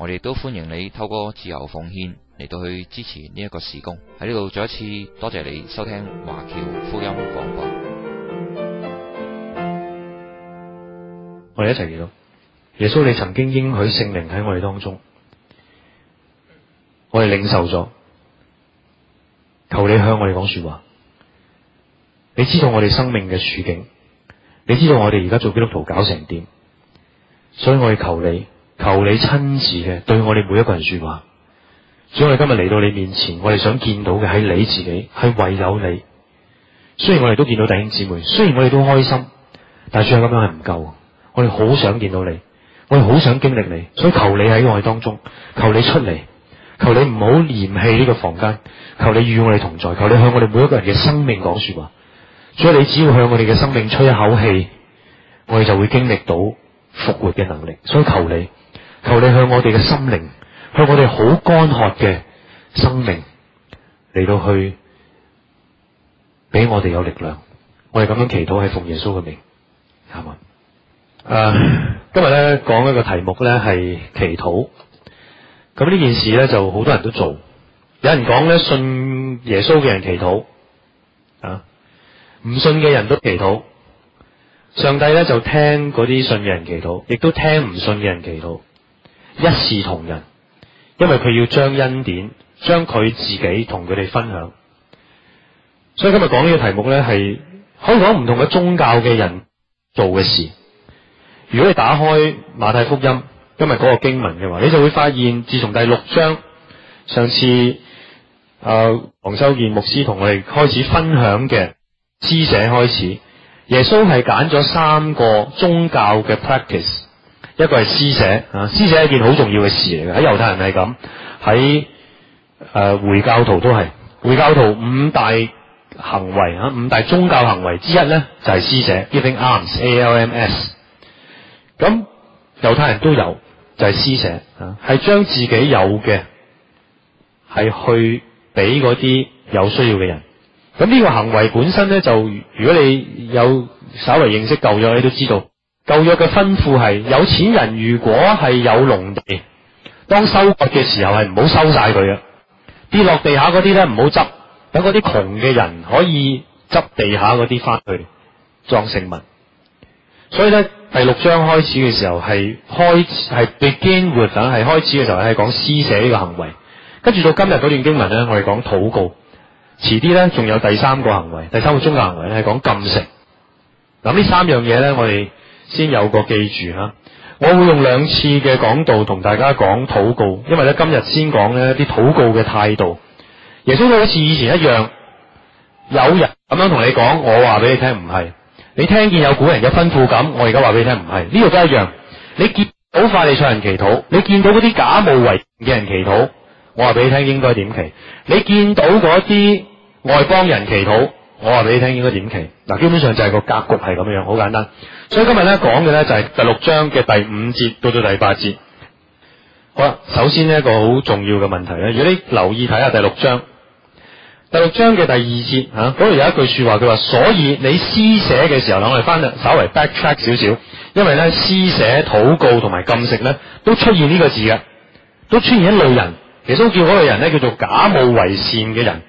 我哋都歡迎你透過自由奉獻嚟到去支持呢一個事工，喺呢度再一次多謝你收聽華僑福音廣播。我哋一齊祈禱，耶穌你曾經應許聖靈喺我哋當中，我哋領受咗，求你向我哋講說話，你知道我哋生命嘅處境，你知道我哋而家做基督徒搞成點，所以我哋求你。求你親自嘅對我哋每一個人說話，所以我哋今日嚟到你面前，我哋想見到嘅係你自己，係唯有你。雖然我哋都見到弟兄姊妹，雖然我哋都開心，但係只有咁樣係唔夠。我哋好想見到你，我哋好想經歷你，所以求你喺我哋當中，求你出嚟，求你唔好嫌棄呢個房間，求你與我哋同在，求你向我哋每一個人嘅生命講說話。所以你只要向我哋嘅生命吹一口氣，我哋就會經歷到復活嘅能力。所以求你。求你向我哋嘅心靈，向我哋好乾渴嘅生命嚟，到去俾我哋有力量。我哋咁樣祈禱係奉耶穌嘅名，係嘛？誒、啊，今日咧講一個題目咧係祈禱。咁呢件事咧就好多人都做。有人講咧，信耶穌嘅人祈禱，啊，唔信嘅人都祈禱。上帝咧就聽嗰啲信嘅人祈禱，亦都聽唔信嘅人祈禱。一視同仁，因為佢要將恩典，將佢自己同佢哋分享。所以今日講呢個題目咧，係可以講唔同嘅宗教嘅人做嘅事。如果你打開馬太福音今日嗰個經文嘅話，你就會發現，自從第六章上次誒、呃、黃修健牧師同我哋開始分享嘅施捨開始，耶穌係揀咗三個宗教嘅 practice。一個係施捨啊，施捨係一件好重要嘅事嚟嘅。喺猶太人係咁，喺誒、呃，回教徒都係。回教徒五大行為啊，五大宗教行為之一咧就係、是、施捨 （giving alms） A-L-M-S。咁猶太人都有，就係、是、施捨啊，係將 自己有嘅係去俾啲有需要嘅人。咁呢個行為本身咧，就如果你有稍微認識夠咗，你都知道。舊約嘅吩咐係有錢人如果係有農地，當收割嘅時候係唔好收晒佢啊，跌落地下嗰啲呢，唔好執，等嗰啲窮嘅人可以執地下嗰啲翻去裝食物。所以呢，第六章開始嘅時候係開係 begin with 係開始嘅時候係講施捨呢個行為，跟住到今日嗰段經文呢，我哋講禱告。遲啲呢仲有第三個行為，第三個宗教行為咧係講禁食。咁呢三樣嘢呢，我哋。先有個記住嚇，我會用兩次嘅講道同大家講禱告，因為咧今日先講呢啲禱告嘅態度。耶穌都好似以前一樣，有人咁樣同你講，我話俾你聽唔係，你聽見有古人嘅吩咐咁，我而家話俾你聽唔係，呢度都一樣。你見到快地向人祈禱，你見到嗰啲假冒為嘅人，人祈禱，我話俾你聽應該點祈？你見到嗰啲外邦人祈禱？我話俾你聽，應該點祈？嗱，基本上就係個格局係咁樣樣，好簡單。所以今日咧講嘅咧就係第六章嘅第五節到到第八節。好啦，首先呢一個好重要嘅問題咧，如果你留意睇下第六章，第六章嘅第二節吓，嗰度有一句說話，佢話：所以你施捨嘅時候，我哋返嚟，稍微 backtrack 少少，因為咧施捨、禱告同埋禁食咧，都出現呢個字嘅，都出現一類人。耶穌叫嗰類人咧叫做假冒為善嘅人。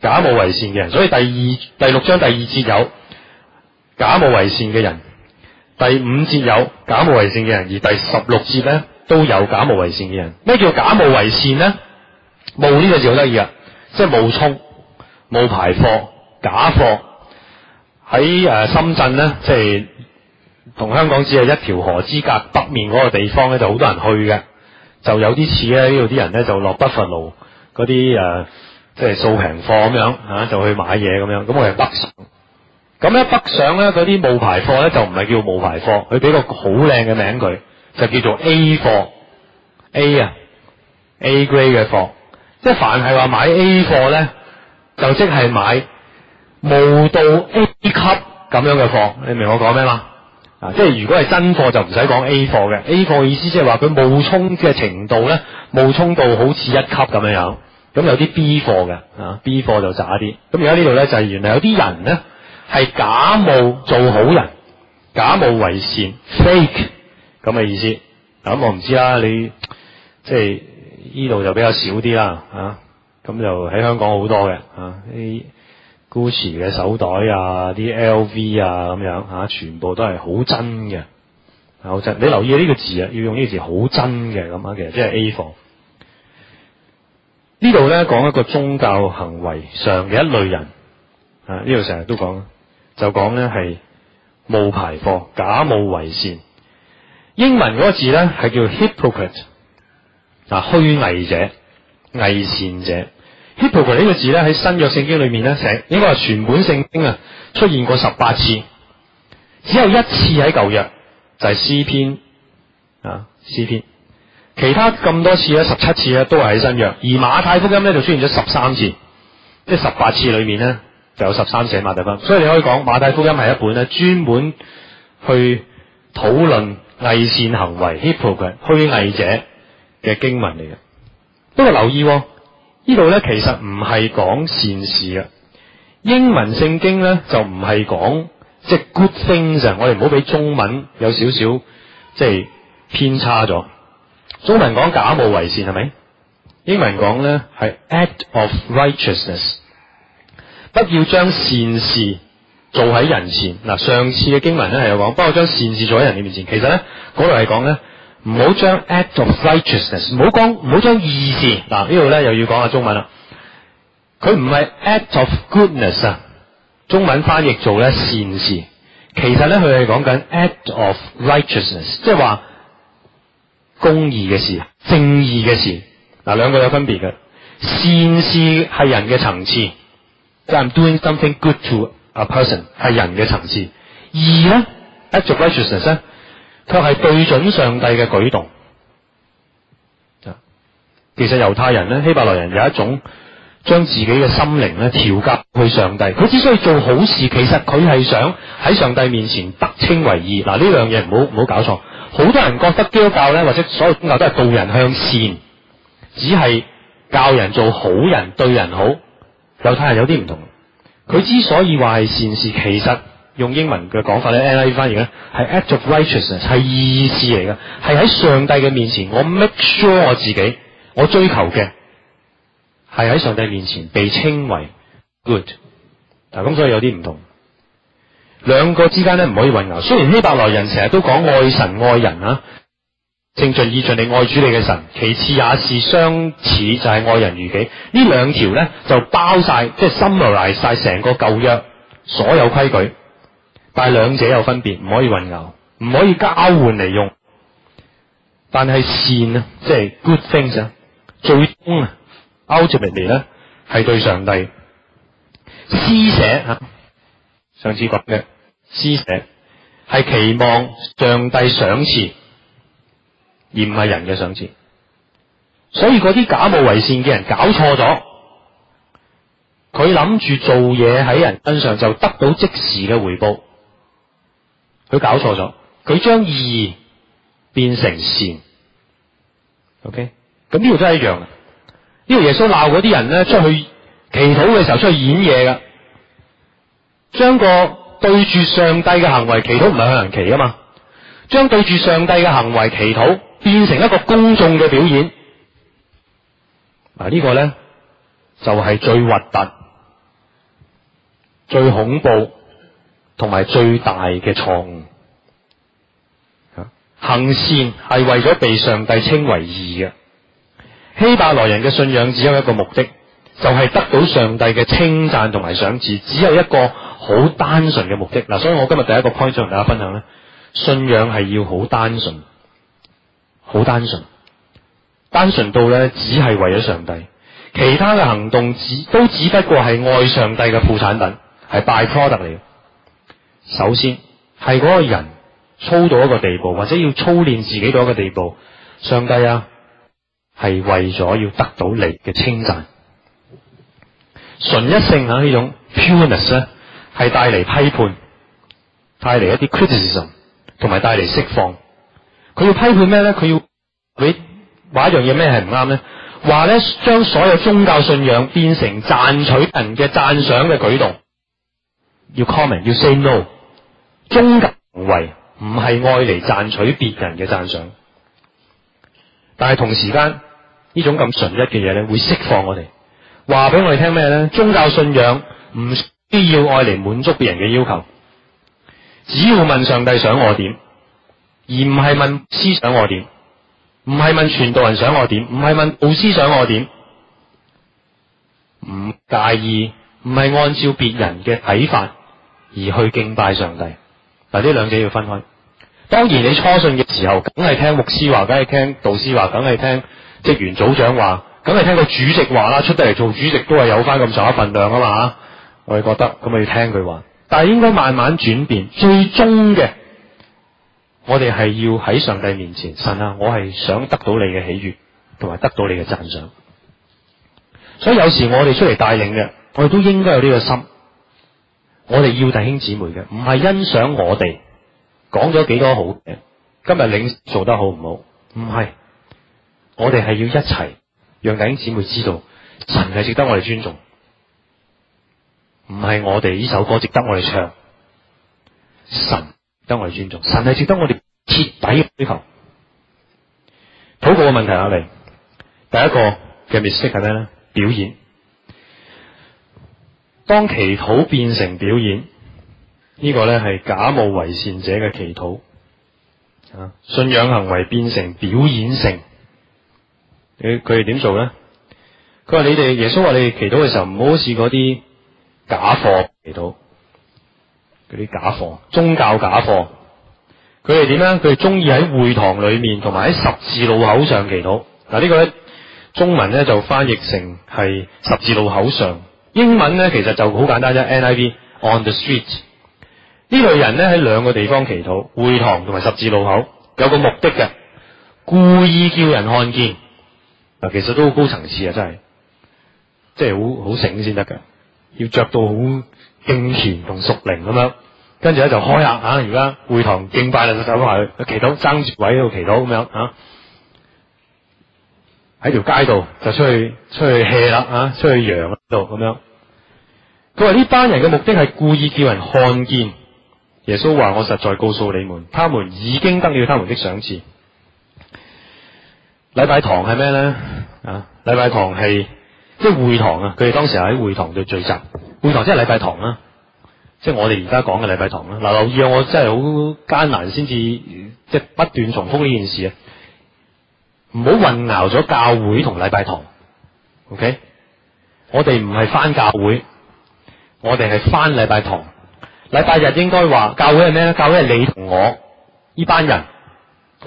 假冒為善嘅人，所以第二第六章第二節有假冒為善嘅人，第五節有假冒為善嘅人，而第十六節咧都有假冒為善嘅人。咩叫假冒為善呢？冒呢個字好得意啊，即係冒充、冒牌貨、假貨。喺誒、呃、深圳呢，即、就、係、是、同香港只係一條河之隔，北面嗰個地方咧就好多人去嘅，就有啲似咧呢度啲人咧就落北佛路嗰啲誒。即係掃平貨咁樣，吓、啊、就去買嘢咁樣。咁我係北上，咁咧北上咧嗰啲冒牌貨咧就唔係叫冒牌貨，佢俾個好靚嘅名佢，就叫做 A 貨 A 啊 A grade 嘅貨，即係凡係話買 A 貨咧，就即係買冒到 A 級咁樣嘅貨。你明我講咩嘛？啊，即係如果係真貨就唔使講 A 貨嘅，A 貨嘅意思即係話佢冒充嘅程度咧，冒充到好似一級咁樣樣。咁有啲 B 貨嘅，啊 B 貨就渣啲。咁而家呢度咧就係、是、原來有啲人咧係假冒做好人，假冒為善，fake 咁嘅意思。咁我唔知啦，你即係呢度就比較少啲啦，啊咁就喺香港好多嘅，吓、啊，啲 Gucci 嘅手袋啊，啲 LV 啊咁樣吓，全部都係好真嘅，好真。你留意呢個字啊，要用呢個字好真嘅咁啊，其實即係 A 貨。呢度咧講一個宗教行為上嘅一類人，啊呢度成日都講，啦，就講咧係冒牌貨、假冒為善。英文個字咧係叫 hypocrite，啊虛偽者、偽善者。hypocrite 呢個字咧喺新約聖經裏面咧寫，應該係全本聖經啊出現過十八次，只有一次喺舊約就係詩篇啊詩篇。啊詩篇其他咁多次咧，十七次咧，都係喺新約，而馬太福音咧就出現咗十三次，即係十八次裏面咧就有十三次喺馬太福音，所以你可以講馬太福音係一本咧專門去討論偽善行為、hypocrite 虛偽者嘅經文嚟嘅。不過留意呢度咧，其實唔係講善事啊。英文聖經咧就唔係講即係 good things 啊，我哋唔好俾中文有少少即係偏差咗。中文講假冒為善係咪？英文講呢係 act of righteousness，不要將善事做喺人前。嗱，上次嘅經文咧係有講，不過將善事做喺人哋面前。其實呢，嗰度係講呢：將「唔好將 act of righteousness，唔好講，唔好將義事。嗱，呢度呢又要講下中文啦。佢唔係 act of goodness 啊，中文翻譯做呢「善事，其實呢，佢係講緊 act of righteousness，即係話。就是公義嘅事、正義嘅事，嗱，兩個有分別嘅。善事係人嘅層次，就係 doing something good to a person，係人嘅層次。義咧，act of righteousness 咧，佢係對準上帝嘅舉動。其實猶太人呢，希伯來人有一種將自己嘅心靈咧調教去上帝，佢之所以做好事，其實佢係想喺上帝面前得稱為義。嗱，呢兩樣嘢，唔好，唔好搞錯。好多人覺得基督教咧，或者所有宗教,教都係導人向善，只係教人做好人對人好。猶太人有啲唔同。佢之所以話係善事，其實用英文嘅講法咧 n a l y 翻嚟咧係 act of righteousness 係義事嚟嘅，係喺上帝嘅面前，我 make sure 我自己我追求嘅係喺上帝面前被稱為 good。嗱咁所以有啲唔同。兩個之間咧唔可以混淆。雖然希伯來人成日都講愛神愛人啊，正盡盡意盡力愛主你嘅神，其次也是相似就係愛人如己。呢兩條咧就包晒，即係 summarize 晒成個舊約所有規矩，但係兩者有分別，唔可以混淆，唔可以交換嚟用。但係善啊，即係 good things 啊，最終啊，ultimately 咧係對上帝施捨啊。上次講嘅。施捨係期望上帝賞賜，而唔係人嘅賞賜。所以啲假冒為善嘅人搞錯咗，佢諗住做嘢喺人身上就得到即時嘅回報，佢搞錯咗，佢將義變成善。OK，咁呢度都係一樣嘅，呢個耶穌鬧啲人咧，出去祈禱嘅時候出去演嘢噶，將個。對住上帝嘅行為祈禱唔係向人祈啊嘛，將對住上帝嘅行為祈禱變成一個公眾嘅表演，嗱，呢個呢就係最核突、最恐怖同埋最大嘅錯誤。行善係為咗被上帝稱為義嘅，希伯來人嘅信仰只有一個目的，就係得到上帝嘅稱讚同埋賞賜，只有一個。好單純嘅目的嗱、啊，所以我今日第一個 point 同大家分享咧，信仰係要好單純，好單純，單純到咧只係為咗上帝，其他嘅行動只都只不過係愛上帝嘅副產品，係 by product 嚟嘅。首先係嗰個人操到一個地步，或者要操練自己到一個地步，上帝啊，係為咗要得到你嘅稱讚，純一性啊呢種 purity 咧。係帶嚟，批判，帶嚟一啲 criticism，同埋帶嚟釋放。佢要批判咩呢？佢要你話一樣嘢咩係唔啱呢？話呢，將所有宗教信仰變成賺取人嘅讚賞嘅舉動，要 comment，要 say no。宗教行為唔係愛嚟賺取別人嘅讚賞，但係同時間呢種咁純一嘅嘢呢，會釋放我哋。話俾我哋聽咩呢？宗教信仰唔。必要愛嚟滿足別人嘅要求，只要問上帝想我點，而唔係問思想我點，唔係問傳道人想我點，唔係問牧師想我點，唔介意，唔係按照別人嘅睇法而去敬拜上帝。嗱，呢兩者要分開。當然你初信嘅時候，梗係聽牧師話，梗係聽導師話，梗係聽職員組長話，梗係聽個主席話啦。出得嚟做主席都係有翻咁上下份量啊嘛。我哋覺得咁咪要聽佢話，但係應該慢慢轉變。最終嘅，我哋係要喺上帝面前，神啊，我係想得到你嘅喜悦，同埋得到你嘅讚賞。所以有時我哋出嚟帶領嘅，我哋都應該有呢個心。我哋要弟兄姊妹嘅，唔係欣賞我哋講咗幾多好嘅，今日領做得好唔好？唔係，我哋係要一齊讓弟兄姊妹知道，神係值得我哋尊重。唔係我哋呢首歌值得我哋唱，神值得我哋尊重，神係值得我哋徹底追求。禱告嘅問題嚟，第一個嘅 mistake 係咩咧？表演。當祈禱變成表演，呢、這個咧係假冒為善者嘅祈禱。啊，信仰行為變成表演性，佢佢哋點做咧？佢話你哋耶穌話你祈禱嘅時候唔好似嗰啲。假貨祈禱，啲假貨宗教假貨，佢哋點咧？佢哋中意喺會堂裏面，同埋喺十字路口上祈禱。嗱，呢個咧中文咧就翻譯成係十字路口上。英文咧其實就好簡單啫，NIV on the street。呢類人咧喺兩個地方祈禱，會堂同埋十字路口，有個目的嘅，故意叫人看見。嗱，其實都好高層次啊，真係，即係好好醒先得嘅。要着到好敬虔同屬靈咁樣，跟住咧就開啊！啊，而家會堂敬拜就走埋去祈禱，爭住位喺度祈禱咁樣啊。喺條街度就出去出去 hea 啦啊，出去揚嗰度咁樣。佢話呢班人嘅目的係故意叫人看見。耶穌話：我實在告訴你們，他們已經得了他們的賞賜。禮拜堂係咩咧？啊，禮拜堂係。即係會堂啊！佢哋當時喺會堂度聚集，會堂即係禮拜堂啦，啊，即係我哋而家講嘅禮拜堂啦。嗱，留意啊！流流我真係好艱難先至，即係不斷重複呢件事啊！唔好混淆咗教會同禮拜堂。OK，我哋唔係返教會，我哋係返禮拜堂。禮拜日應該話教會係咩咧？教會係你同我呢班人，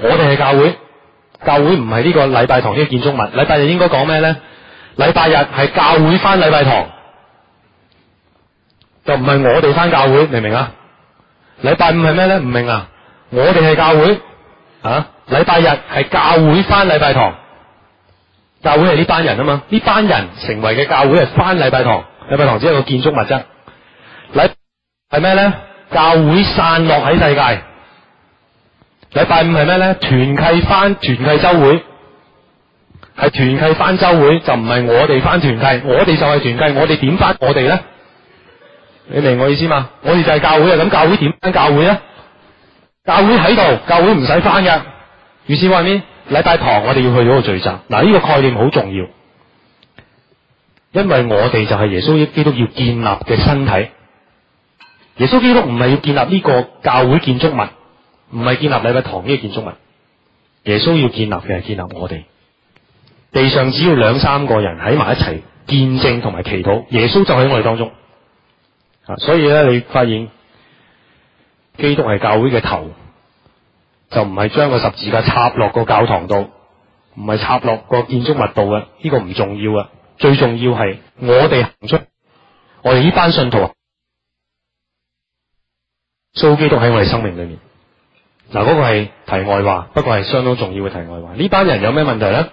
我哋係教會。教會唔係呢個禮拜堂呢個建築物。禮拜日應該講咩咧？禮拜日係教會翻禮拜堂，就唔係我哋翻教會，明唔明啊？禮拜五係咩咧？唔明啊？我哋係教會啊！禮拜日係教會翻禮拜堂，教會係呢班人啊嘛，呢班人成為嘅教會係翻禮拜堂，禮拜堂只係個建築物質。禮拜日係咩咧？教會散落喺世界。禮拜五係咩咧？團契翻團契周會。係團契翻周會就唔係我哋翻團契，我哋就係團契，我哋點翻我哋呢？你明我意思嘛？我哋就係教會啊，咁教會點翻教會咧？教會喺度，教會唔使翻噶。如是話咩禮拜堂，我哋要去嗰個聚集。嗱，呢個概念好重要，因為我哋就係耶穌基督要建立嘅身體。耶穌基督唔係要建立呢個教會建築物，唔係建立禮拜堂呢個建築物。耶穌要建立嘅係建立我哋。地上只要兩三個人喺埋一齊見證同埋祈禱，耶穌就喺我哋當中。啊，所以咧，你發現基督係教會嘅頭，就唔係將個十字架插落個教堂度，唔係插落個建築物度嘅，呢個唔重要啊。最重要係我哋行出我哋呢班信徒啊，耶穌基督喺我哋生命裏面。嗱、啊，嗰個係題外話，不過係相當重要嘅題外話。呢班人有咩問題咧？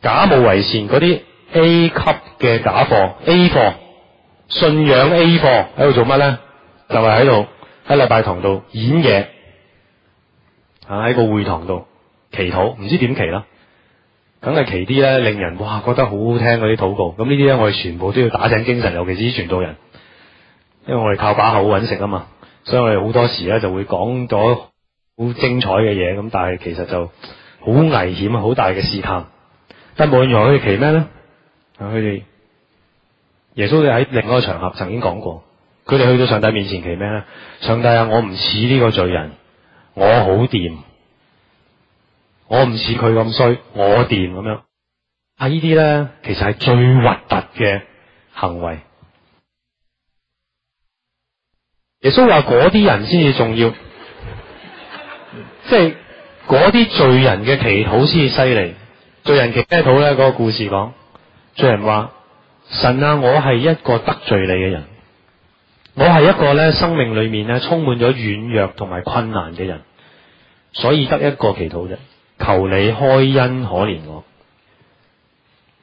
假冒為善嗰啲 A 級嘅假貨，A 貨信仰 A 貨喺度做乜咧？就係喺度喺禮拜堂度演嘢，喺個會堂度祈禱，唔知點祈啦，梗係祈啲咧，令人哇覺得好好聽嗰啲禱告。咁呢啲咧，我哋全部都要打醒精神，尤其是啲傳道人，因為我哋靠把口揾食啊嘛，所以我哋好多時咧就會講咗好精彩嘅嘢，咁但係其實就好危險、好大嘅試探。但無論如何佢哋祈咩咧？佢、啊、哋耶穌佢喺另外個場合曾經講過，佢哋去到上帝面前祈咩咧？上帝啊，我唔似呢個罪人，我好掂，我唔似佢咁衰，我掂咁樣。啊，呢啲咧其實係最核突嘅行為。耶穌話嗰啲人先至重要， 即係嗰啲罪人嘅祈禱先至犀利。罪人祈禱咧？個故事講，罪人話：神啊，我係一個得罪你嘅人，我係一個咧生命裏面咧充滿咗軟弱同埋困難嘅人，所以得一個祈禱啫，求你開恩可憐我。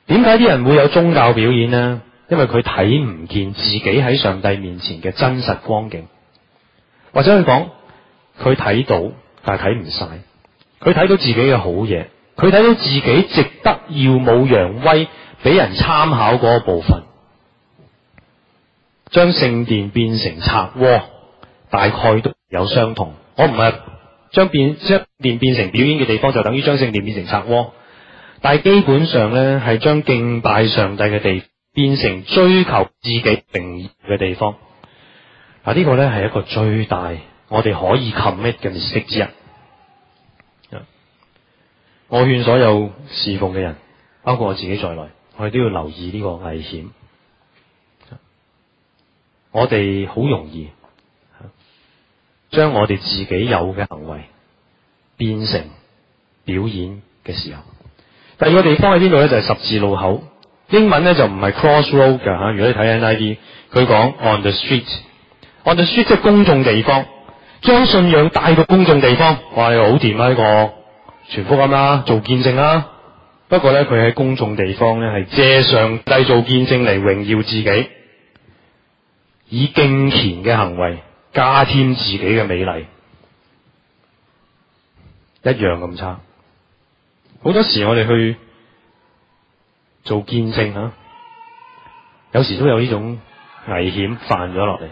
點解啲人會有宗教表演咧？因為佢睇唔見自己喺上帝面前嘅真實光景，或者佢講佢睇到，但係睇唔晒，佢睇到自己嘅好嘢。佢睇到自己值得耀武揚威，俾人參考嗰部分，將聖殿變成賊窩，大概都有相同。我唔係將變將殿變成表演嘅地方，就等於將聖殿變成賊窩。但係基本上咧，係將敬拜上帝嘅地變成追求自己定義嘅地方。嗱，呢個咧係一個最大我哋可以 commit 嘅知識之一。我勸所有侍奉嘅人，包括我自己在內，我哋都要留意呢個危險。我哋好容易將我哋自己有嘅行為變成表演嘅時候。第二個地方喺邊度咧？就係、是、十字路口。英文咧就唔係 cross road 嘅吓。如果你睇 NIV，佢講 on the street，on the street 即係公眾地方，將信仰帶到公眾地方，哇！又好掂啊呢、這個。全福音啦、啊，做見證啦、啊。不過咧，佢喺公眾地方咧，係借上帝做見證嚟榮耀自己，以敬虔嘅行為加添自己嘅美麗，一樣咁差。好多時我哋去做見證吓、啊，有時都有呢種危險犯咗落嚟，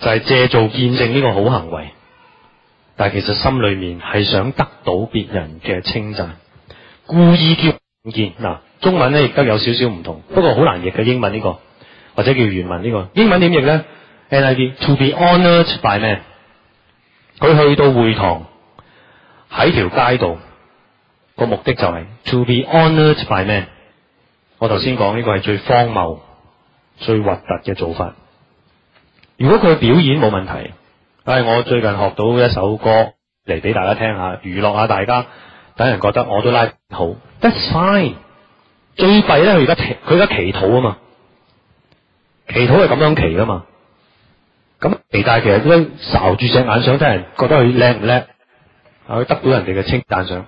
就係、是、借做見證呢個好行為。但係其實心裏面係想得到別人嘅稱讚，故意叫人見嗱。中文咧亦都有少少唔同，不過好難譯嘅英文呢個，或者叫原文呢個英文點譯咧？NIV To be honoured by man？佢去到會堂喺條街度個目的就係 to be honoured by man？我頭先講呢個係最荒謬、最核突嘅做法。如果佢嘅表演冇問題。但係我最近學到一首歌嚟俾大家聽下，娛樂下大家，等人覺得我都拉好。That's fine 最。最弊咧，佢而家佢而家祈禱啊嘛，祈禱係咁樣祈噶嘛。咁祈但係其實都睄住隻眼想，睇人覺得佢靚唔靚，啊，得到人哋嘅稱讚想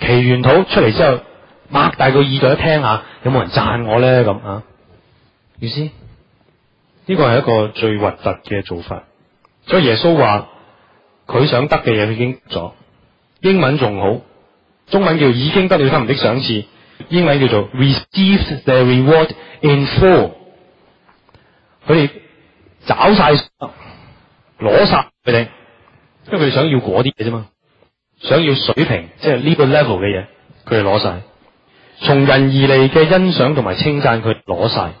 祈完禱出嚟之後，擘大個耳朵一聽一下有冇人讚我咧咁啊？意思呢個係一個最核突嘅做法。所以耶穌話，佢想得嘅嘢，已經咗。英文仲好，中文叫已經得了他們的賞賜，英文叫做 received the reward in full。佢哋找晒，攞晒佢哋，因為佢哋想要啲嘢啫嘛，想要水平即係呢個 level 嘅嘢，佢哋攞晒，從人而嚟嘅欣賞同埋稱讚佢攞晒。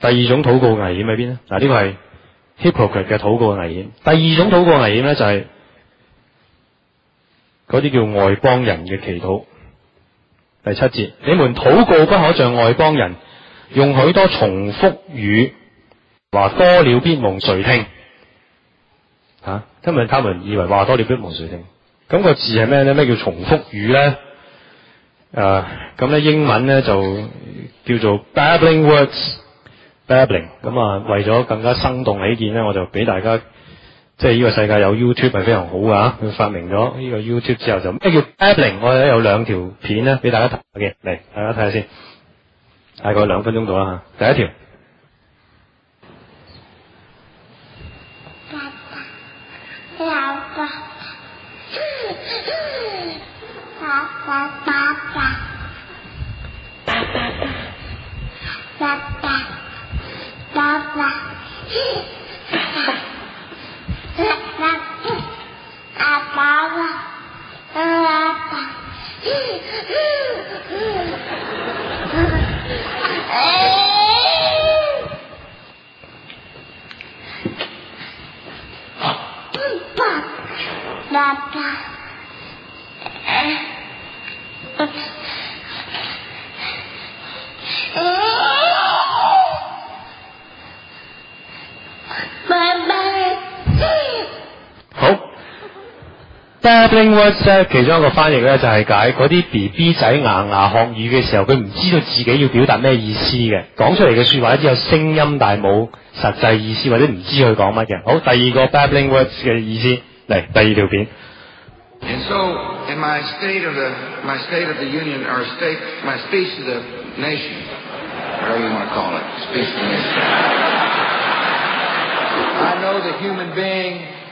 第二種禱告危險喺邊咧？嗱，呢個係。hypocrite 嘅禱告危險。第二種禱告危險咧，就係嗰啲叫外邦人嘅祈禱。第七節，你們禱告不可像外邦人，用許多重複語，話多了必蒙垂聽？吓、啊，因為他們以為話多了必蒙垂聽。咁、那個字係咩咧？咩叫重複語咧？誒、啊、咁、那、咧、個、英文咧就叫做 babbling words。Babbling 咁啊，為咗更加生動起見咧，我就俾大家即係呢個世界有 YouTube 係非常好嘅，佢發明咗呢個 YouTube 之後就咩叫 babbling，我哋咧有兩條片咧俾大家睇，OK 嚟大家睇下先，大概兩分鐘到啦吓，第一條。Babbling words 咧，其中一個翻譯咧就係解嗰啲 BB 仔牙牙學語嘅時候，佢唔知道自己要表達咩意思嘅，講出嚟嘅説話只有聲音，但係冇實際意思，或者唔知佢講乜嘅。好，第二個 babbling words 嘅意思，嚟第二條片。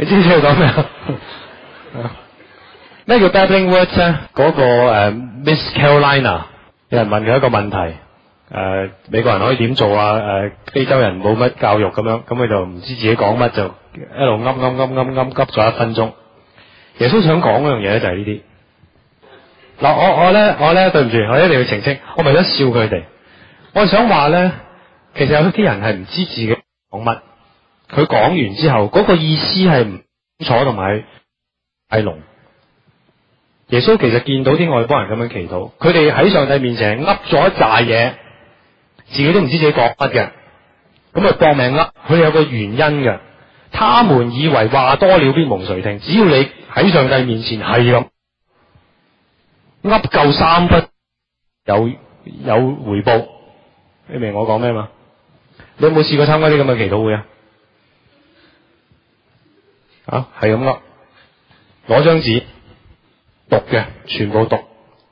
你知唔知佢講咩？咩 叫 babbling words 咧、那個？嗰個、uh, 誒 Miss Carolina 有人問佢一個問題，誒、uh, 美國人可以點做啊？誒、uh, 非洲人冇乜教育咁樣，咁佢就唔知自己講乜，就一路噏噏噏噏噏，急咗一分鐘。耶穌想講嗰樣嘢咧，就係呢啲。嗱，我我咧我咧對唔住，我一定要澄清，我唔係想笑佢哋，我想話咧，其實有啲人係唔知自己講乜。佢講完之後，嗰、那個意思係唔楚同埋係聾。耶穌其實見到啲外邦人咁樣祈禱，佢哋喺上帝面前噏咗一紮嘢，自己都唔知自己噏乜嘅，咁啊搏命噏。佢有個原因嘅，他們以為話多了必蒙垂聽。只要你喺上帝面前係咁，噏夠三筆有有回報，你明我講咩嘛？你有冇試過參加啲咁嘅祈禱會啊？啊，係咁啦，攞張紙讀嘅，全部讀。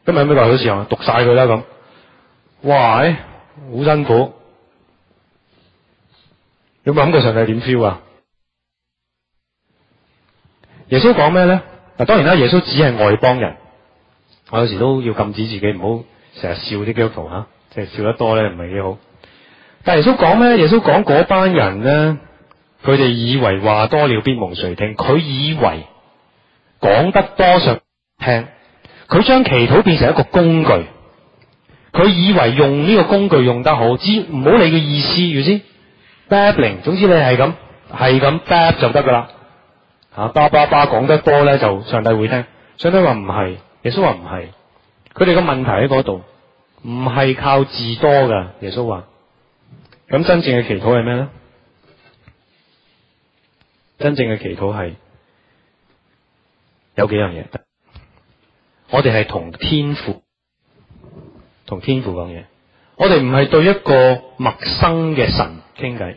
今日有咩大小事情啊？讀晒佢啦咁。哇，好辛苦。有冇諗過上帝點 feel 啊？耶穌講咩咧？嗱，當然啦，耶穌只係外邦人。我有時都要禁止自己唔好成日笑啲基督徒吓，即係笑得多咧，唔係幾好。但係耶穌講咩？耶穌講嗰班人咧。佢哋以為話多了必蒙垂聽，佢以為講得多想聽，佢將祈禱變成一個工具，佢以為用呢個工具用得好，知唔好理嘅意思，知 b a b l i n g 總之你係咁係咁 bab 就得噶啦。吓、啊，叭叭叭講得多咧，就上帝會聽，上帝話唔係，耶穌話唔係，佢哋個問題喺嗰度，唔係靠字多噶，耶穌話，咁真正嘅祈禱係咩咧？真正嘅祈禱係有幾樣嘢，我哋係同天父同天父講嘢，我哋唔係對一個陌生嘅神傾偈，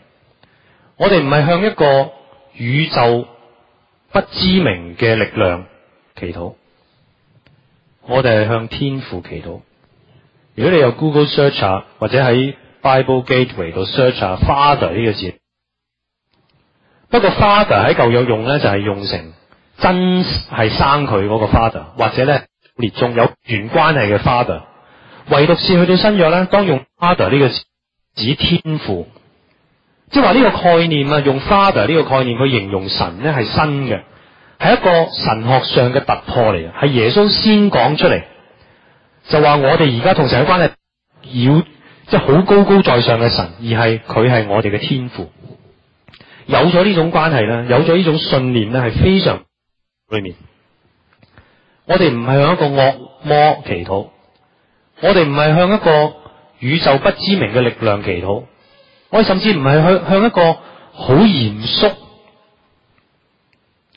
我哋唔係向一個宇宙不知名嘅力量祈禱，我哋係向天父祈禱，如果你有 Google Search 或者喺 Bible Gateway 度 Search 下 Father 呢個字。個 father 喺舊約用咧就係、是、用成真係生佢嗰個 father 或者咧列中有緣關係嘅 father，唯獨是去到新約咧，當用 father 呢個字指天父，即係話呢個概念啊，用 father 呢個概念去形容神咧係新嘅，係一個神學上嘅突破嚟，係耶穌先講出嚟，就話我哋而家同神嘅關係要即係好高高在上嘅神，而係佢係我哋嘅天父。有咗呢種關係咧，有咗呢種信念咧，係非常裏面。我哋唔係向一個惡魔祈禱，我哋唔係向一個宇宙不知名嘅力量祈禱，我哋甚至唔係去向一個好嚴肅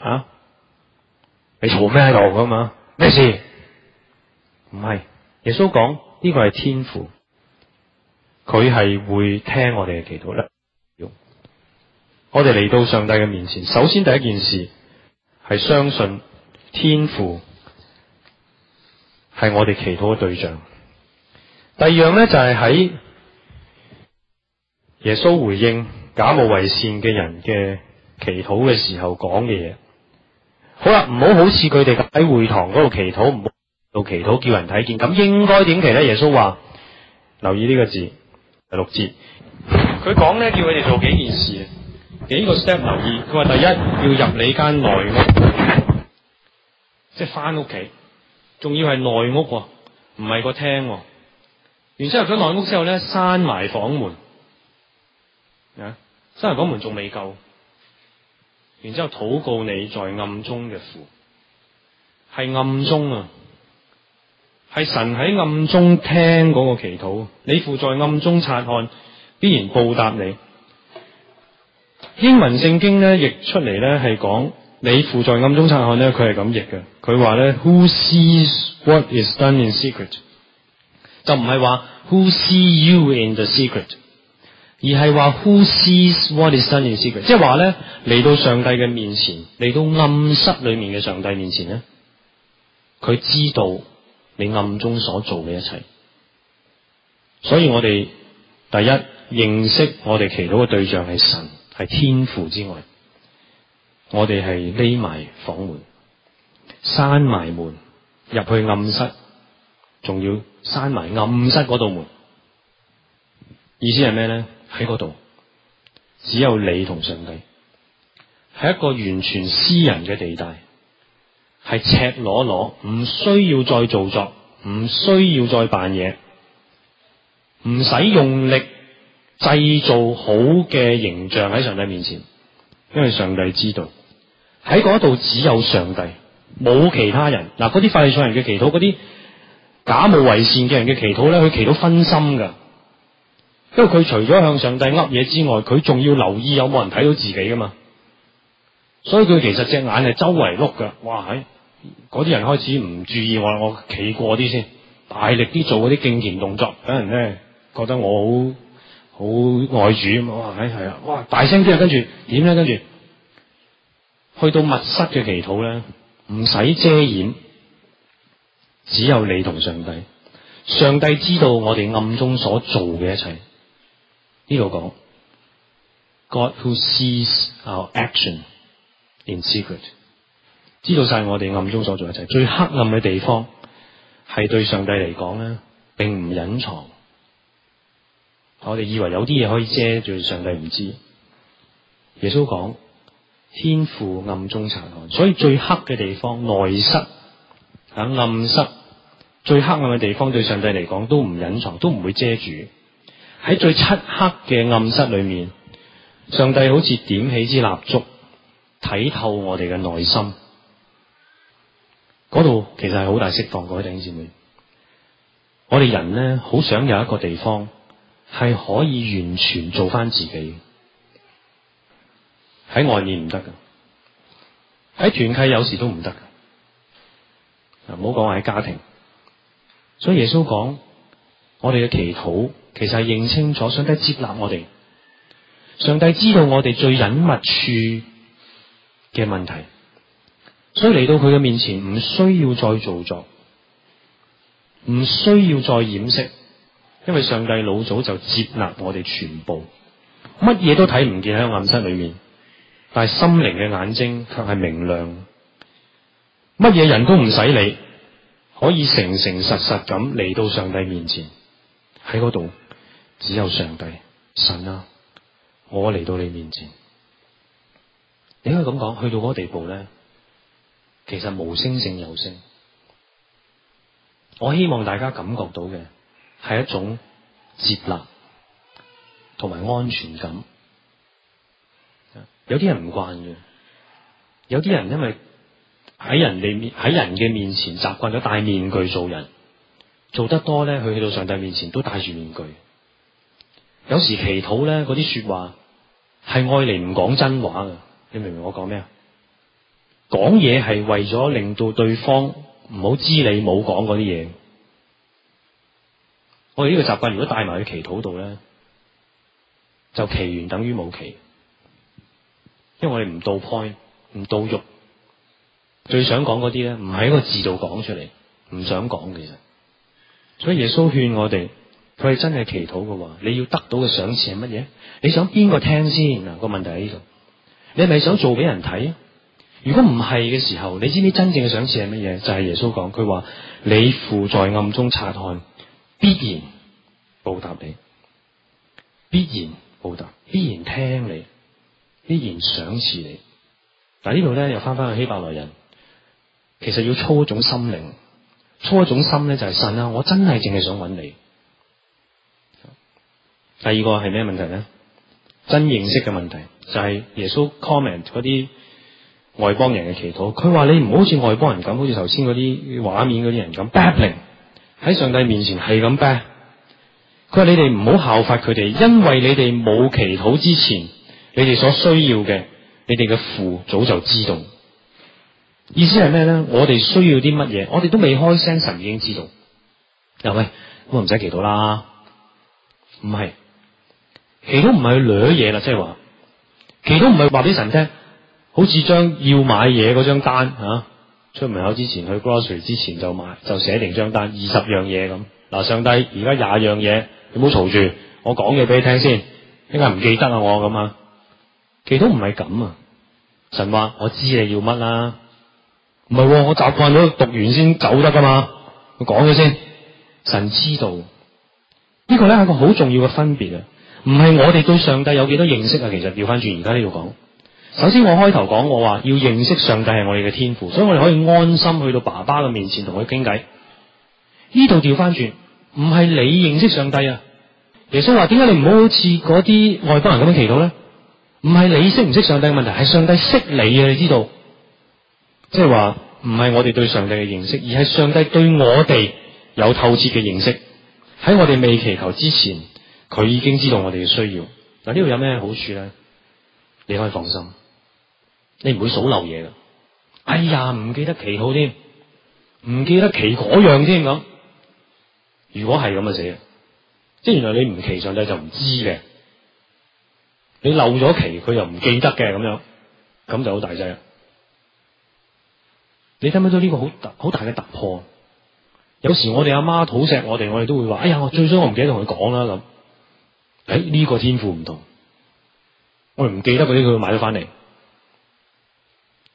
啊！你嘈咩喺度噶嘛？咩事？唔係耶穌講呢、這個係天父，佢係會聽我哋嘅祈禱咧。我哋嚟到上帝嘅面前，首先第一件事，係相信天父，係我哋祈禱嘅對象。第二樣咧，就係、是、喺耶穌回應假冒為善嘅人嘅祈禱嘅時候講嘅嘢。好啦，唔好好似佢哋喺會堂嗰度祈禱，唔好做祈禱叫人睇見。咁應該點祈禱？呢耶穌話：留意呢個字，第六節，佢講咧，叫佢哋做幾件事。幾個 step 留意，佢話第一要入你間內屋，即係翻屋企，啊，仲要係內屋，唔係個廳。然之後入咗內屋之後咧，閂埋房門，啊，閂埋房門仲未夠。然之後禱告你在暗中嘅父，係暗中啊，係神喺暗中聽嗰個祈禱，你父在暗中察看，必然報答你。英文聖經咧譯出嚟咧係講你父在暗中察看咧，佢係咁譯嘅。佢話咧，Who sees what is done in secret，就唔係話 Who see you in the secret，而係話 Who sees what is done in secret。即係話咧，嚟到上帝嘅面前，嚟到暗室裏面嘅上帝面前咧，佢知道你暗中所做嘅一切。所以我哋第一認識我哋祈禱嘅對象係神。係天父之外，我哋係匿埋房門，閂埋門入去暗室，仲要閂埋暗室嗰道門。意思係咩咧？喺度只有你同上帝，係一個完全私人嘅地帶，係赤裸裸，唔需要再做作，唔需要再扮嘢，唔使用力。製造好嘅形象喺上帝面前，因為上帝知道喺嗰度只有上帝，冇其他人。嗱，嗰啲法利賽人嘅祈禱，嗰啲假冒偽善嘅人嘅祈禱咧，佢祈禱分心噶，因為佢除咗向上帝噏嘢之外，佢仲要留意有冇人睇到自己噶嘛。所以佢其實隻眼係周圍碌噶。哇，係嗰啲人開始唔注意我，我企過啲先，大力啲做嗰啲敬虔動作，等人咧覺得我好。好外主咁啊！係啊，哇！大聲啲啊！跟住點咧？跟住去到密室嘅祈禱咧，唔使遮掩，只有你同上帝。上帝知道我哋暗中所做嘅一切。呢度講 God who sees our action in secret，知道晒我哋暗中所做一切。最黑暗嘅地方係對上帝嚟講咧，並唔隱藏。我哋以為有啲嘢可以遮住上帝唔知，耶穌講，天父暗中察看，所以最黑嘅地方、內室、吓暗室、最黑暗嘅地方，對上帝嚟講都唔隱藏，都唔會遮住。喺最漆黑嘅暗室裏面，上帝好似點起支蠟燭，睇透我哋嘅內心。嗰度其實係好大釋放，各位弟兄姊妹。我哋人咧，好想有一個地方。係可以完全做返自己，喺外面唔得㗎，喺團契有時都唔得嘅。唔好講話喺家庭，所以耶穌講，我哋嘅祈禱其實係認清楚，上帝接納我哋。上帝知道我哋最隱密處嘅問題，所以嚟到佢嘅面前，唔需要再造作，唔需要再掩飾。因為上帝老早就接納我哋全部，乜嘢都睇唔見，喺暗室裏面，但係心靈嘅眼睛卻係明亮，乜嘢人都唔使理，可以誠誠實實咁嚟到上帝面前，喺嗰度只有上帝神啊，我嚟到你面前，你可以咁講。去到嗰個地步呢，其實無聲勝有聲，我希望大家感覺到嘅，係一種接納同埋安全感，有啲人唔慣嘅，有啲人因為喺人哋面喺人嘅面前習慣咗戴面具做人，做得多咧，佢去到上帝面前都戴住面具。有時祈禱咧，嗰啲說話係愛嚟唔講真話嘅，你明唔明我講咩啊？講嘢係為咗令到對方唔好知你冇講嗰啲嘢。我哋呢個習慣，如果帶埋去祈禱度咧，就祈完等於冇祈，因為我哋唔到 point，唔到肉，最想講嗰啲咧，唔係一個字度講出嚟，唔想講其實。所以耶穌勸我哋，佢係真係祈禱嘅話，你要得到嘅賞賜係乜嘢？你想邊個聽先嗱？個問題喺呢度。你係咪想做俾人睇？如果唔係嘅時候，你知唔知真正嘅賞賜係乜嘢？就係、是、耶穌講，佢話你父在暗中察看。」必然報答你，必然報答，必然聽你，必然賞賜你。但呢度咧又翻翻去希伯來人，其實要操一種心靈，操一種心咧就係神啦、啊。我真係淨係想揾你。第二個係咩問題咧？真認識嘅問題就係、是、耶穌 comment 嗰啲外邦人嘅祈禱，佢話你唔好似外邦人咁，好似頭先嗰啲畫面嗰啲人咁 babbling。喺上帝面前係咁咩？佢話你哋唔好效法佢哋，因為你哋冇祈禱之前，你哋所需要嘅，你哋嘅父早就知道。意思係咩咧？我哋需要啲乜嘢？我哋都未開聲，神已經知道。嗱，喂，我唔使祈禱啦。唔係祈禱唔係去掠嘢啦，即係話祈禱唔係話俾神聽，好似將要買嘢嗰張單啊。出門口之前去 grocery 之前就買就寫定張單二十樣嘢咁嗱上帝而家廿樣嘢你唔好嘈住我講嘢俾你聽先點解唔記得我其實啊我咁啊其實都唔係咁啊神話我知你要乜啦唔係我習慣咗讀完先走得噶嘛我講咗先神知道、這個、呢個咧係個好重要嘅分別啊唔係我哋對上帝有幾多認識啊其實調翻轉而家呢要講。首先我開頭講我話要認識上帝係我哋嘅天父，所以我哋可以安心去到爸爸嘅面前同佢傾偈。呢度調翻轉，唔係你認識上帝啊！耶穌話：點解你唔好好似啲外國人咁樣祈禱咧？唔係你識唔識上帝嘅問題，係上帝識你啊！你知道，即係話唔係我哋對上帝嘅認識，而係上帝對我哋有透徹嘅認識。喺我哋未祈求之前，佢已經知道我哋嘅需要。嗱呢度有咩好處咧？你可以放心。你唔會數漏嘢㗎，哎呀，唔記得祈號添，唔記得祈嗰樣添咁。如果係咁嘅死，即係原來你唔祈上帝就唔知嘅，你漏咗祈，佢又唔記得嘅咁樣，咁就好大劑啦。你睇唔睇到呢個好大好大嘅突破？有時我哋阿媽好錫我哋，我哋都會話：哎呀，我最衰我唔記得同佢講啦咁。誒，呢、哎這個天父唔同，我哋唔記得嗰啲佢買咗翻嚟。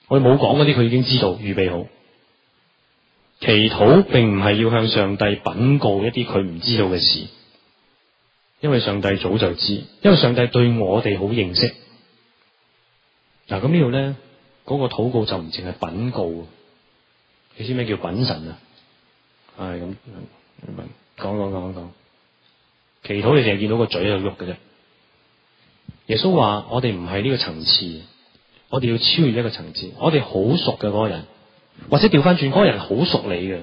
我哋冇講嗰啲，佢已經知道預備好。祈禱並唔係要向上帝稟告一啲佢唔知道嘅事，因為上帝早就知，因為上帝對我哋好認識。嗱、啊、咁呢度咧，嗰、嗰個禱告就唔淨係稟告，你知咩叫稟神啊？係、啊、咁，講講講講。祈禱你淨係見到個嘴喺度喐嘅啫。耶穌話：我哋唔係呢個層次。我哋要超越一個層次，我哋好熟嘅嗰個人，或者調翻轉，嗰個人好熟你嘅，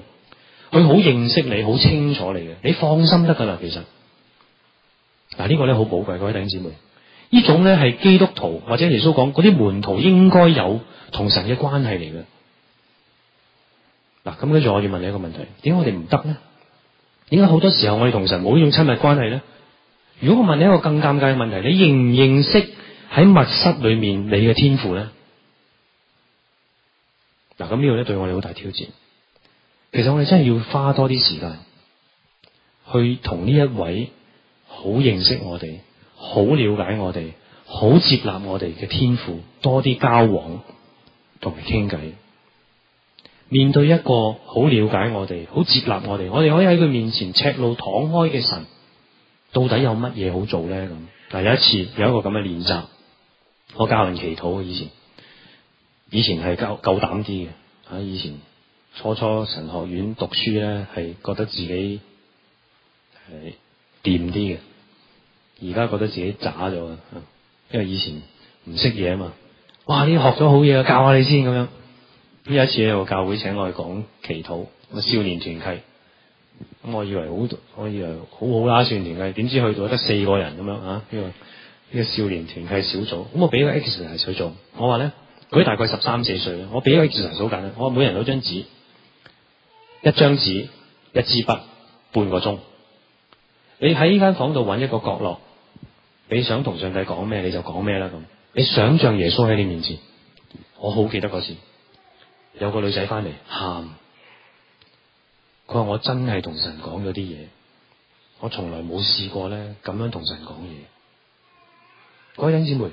佢好認識你，好清楚你嘅，你放心得噶啦。其實嗱，呢個咧好寶貴，各位弟兄姊妹，呢種咧係基督徒或者耶穌講嗰啲門徒應該有同神嘅關係嚟嘅。嗱，咁跟住我要問你一個問題：點解我哋唔得咧？點解好多時候我哋同神冇呢種親密關係咧？如果我問你一個更尷尬嘅問題，你認唔認識？喺密室裏面你，你嘅天父咧。嗱，咁呢度咧對我哋好大挑戰。其實我哋真係要花多啲時間，去同呢一位好認識我哋、好了解我哋、好接納我哋嘅天父多啲交往同埋傾偈。面對一個好了解我哋、好接納我哋，我哋可以喺佢面前赤露敞開嘅神，到底有乜嘢好做咧？咁嗱，有一次有一個咁嘅練習。我教人祈禱以前，以前係夠夠膽啲嘅，吓以前初初神學院讀書咧，係覺得自己係掂啲嘅，而、呃、家覺得自己渣咗啊，因為以前唔識嘢啊嘛，哇你學咗好嘢啊，教下你先咁樣。呢有一次咧，個教會請我去講祈禱，個少年團契，咁我以為好，我以為好好啦，少年團契，點知去到得四個人咁樣啊呢個。嘅少年團契小組，咁我俾個 exercise 佢做。我話咧，佢大概十三四歲啦。我俾個 exercise 好簡單。我話每人攞張紙，一張紙，一支筆，半個鐘。你喺呢間房度揾一個角落，你想同上帝講咩你就講咩啦咁。你想象耶穌喺你面前，我好記得嗰次有個女仔翻嚟喊，佢話我真係同神講咗啲嘢，我從來冇試過咧咁樣同神講嘢。各位弟兄姊妹，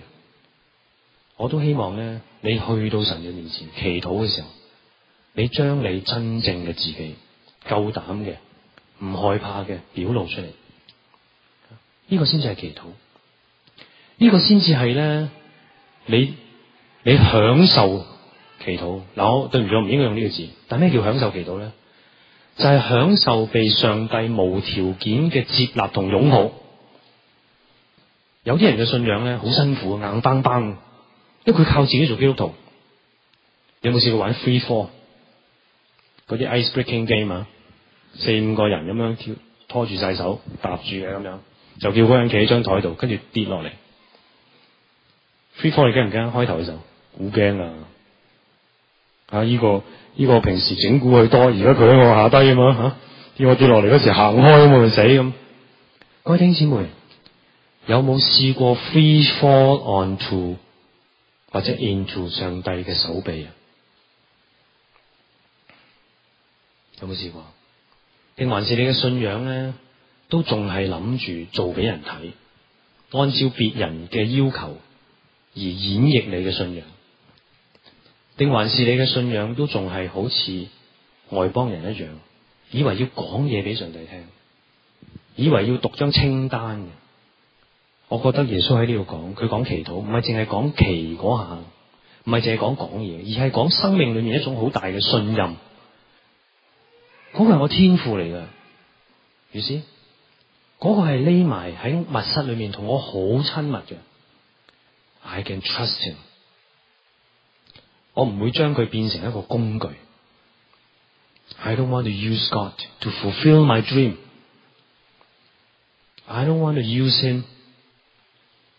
我都希望咧，你去到神嘅面前祈禱嘅時候，你將你真正嘅自己，夠膽嘅，唔害怕嘅，表露出嚟，呢個先至係祈禱，呢個先至係咧，你你享受祈禱。嗱，我對唔住，我唔應該用呢個字。但咩叫享受祈禱咧？就係享受被上帝無條件嘅接納同擁抱。有啲人嘅信仰咧，好辛苦，硬梆梆，因為佢靠自己做基督徒。有冇試過玩 three four 嗰啲 ice breaking game 啊？四五個人咁樣跳拖住晒手，搭住嘅咁樣，就叫嗰人企喺張台度，跟住跌落嚟。three four 你驚唔驚？開頭嘅時候好驚啊！啊，依個依個平時整蠱佢多，而家佢喺我下低啊嘛吓，叫我跌落嚟嗰時行開都冇、啊、死咁。啊、各位弟兄姊妹。有冇試過 free fall onto 或者 into 上帝嘅手臂啊？有冇試過？定還是你嘅信仰咧，都仲係諗住做俾人睇，按照別人嘅要求而演繹你嘅信仰？定還是你嘅信仰都仲係好似外邦人一樣，以為要講嘢俾上帝聽，以為要讀張清單嘅？我覺得耶穌喺呢度講，佢講祈禱，唔係淨係講祈嗰下，唔係淨係講講嘢，而係講生命裏面一種好大嘅信任。嗰個係我天父嚟嘅。意思嗰個係匿埋喺密室裏面同我好親密嘅。I can trust him，我唔會將佢變成一個工具。I don't want to use God to fulfill my dream。I don't want to use him。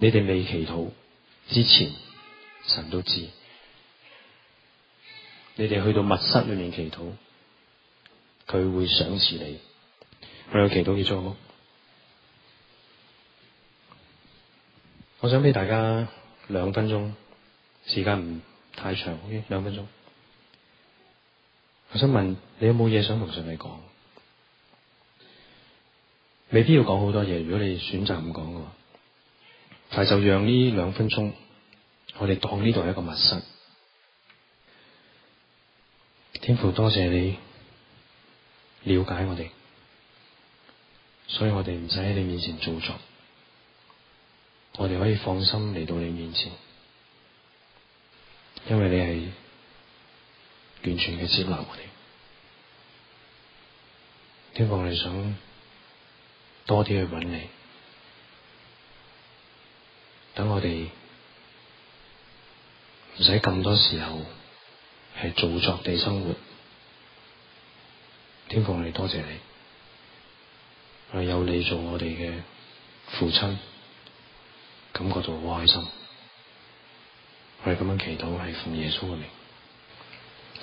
你哋未祈禱之前，神都知。你哋去到密室裏面祈禱，佢會賞賜你。我有祈禱要做好。我想俾大家兩分鐘，時間唔太長，好、OK? 兩分鐘。我想問你有冇嘢想同神嚟講？未必要講好多嘢，如果你選擇唔講嘅話。但就讓呢兩分鐘，我哋當呢度係一個密室。天父，多謝你了解我哋，所以我哋唔使喺你面前做作，我哋可以放心嚟到你面前，因為你係完全嘅接納我哋。天父，我哋想多啲去揾你。等我哋唔使咁多時候係做作地生活，天父，我哋多謝你，我哋有你做我哋嘅父親，感覺到好開心。我哋咁樣祈禱係奉耶穌嘅名，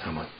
阿門。